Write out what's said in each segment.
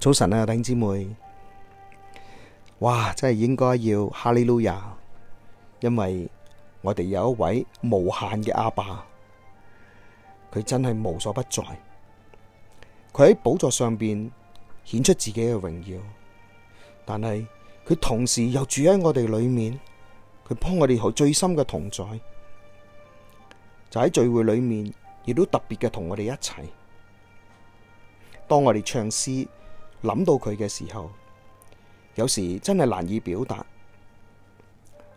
早晨啊，弟兄姊妹，哇，真係應該要哈利路亞，因為我哋有一位無限嘅阿爸，佢真係無所不在，佢喺寶座上邊顯出自己嘅榮耀，但係佢同時又住喺我哋裏面，佢幫我哋好最深嘅同在，就喺聚會裏面，亦都特別嘅同我哋一齊，當我哋唱詩。諗到佢嘅時候，有時真係難以表達，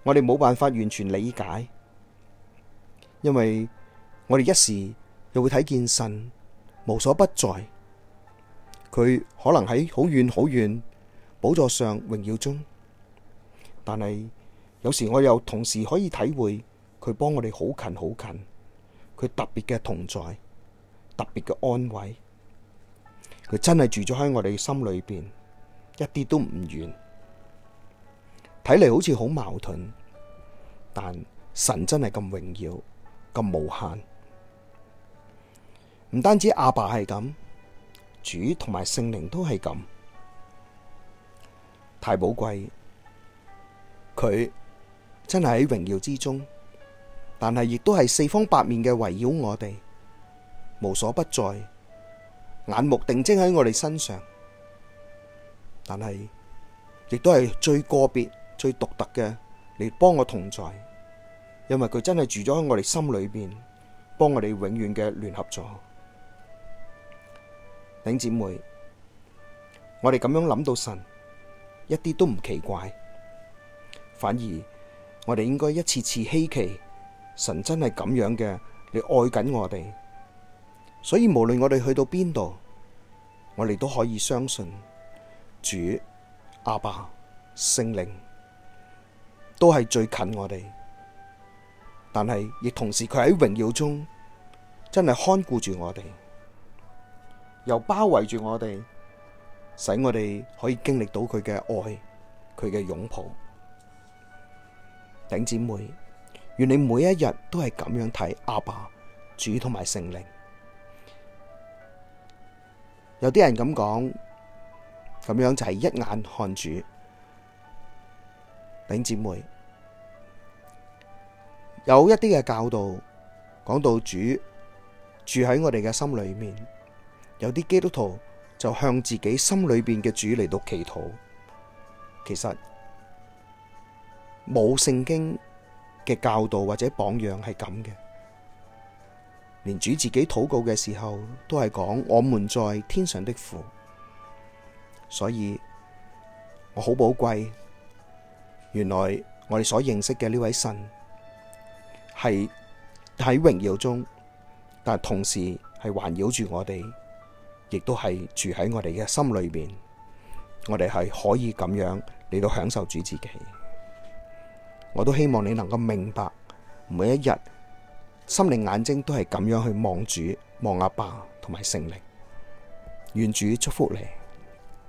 我哋冇辦法完全理解，因為我哋一時又會睇見神無所不在，佢可能喺好遠好遠寶座上榮耀中，但係有時我又同時可以體會佢幫我哋好近好近，佢特別嘅同在，特別嘅安慰。佢真係住咗喺我哋心裏邊，一啲都唔遠。睇嚟，好似好矛盾，但神真係咁榮耀、咁無限。唔單止阿爸係咁，主同埋聖靈都係咁，太寶貴。佢真係喺榮耀之中，但係亦都係四方八面嘅圍繞我哋，無所不在。眼目定睛喺我哋身上，但係亦都係最個別、最獨特嘅你幫我同在，因為佢真係住咗喺我哋心裏邊，幫我哋永遠嘅聯合咗。弟兄姊妹，我哋咁樣諗到神，一啲都唔奇怪，反而我哋應該一次次希奇，神真係咁樣嘅，你愛緊我哋。所以，無論我哋去到邊度，我哋都可以相信主、阿爸、聖靈都係最近我哋。但係亦同時，佢喺榮耀中真係看顧住我哋，又包圍住我哋，使我哋可以經歷到佢嘅愛，佢嘅擁抱。頂姊妹，願你每一日都係咁樣睇阿爸、主同埋聖靈。有啲人咁講，咁樣就係一眼看主，領姊妹，有一啲嘅教導講到主住喺我哋嘅心裏面，有啲基督徒就向自己心裏邊嘅主嚟到祈禱，其實冇聖經嘅教導或者榜樣係咁嘅。連主自己禱告嘅時候都係講，我們在天上的父，所以我好寶貴。原來我哋所認識嘅呢位神係喺榮耀中，但同時係環繞住我哋，亦都係住喺我哋嘅心裏面。我哋係可以咁樣嚟到享受主自己。我都希望你能夠明白每一日，心靈眼睛都係咁樣去望主、望阿爸同埋聖靈，願主祝福你。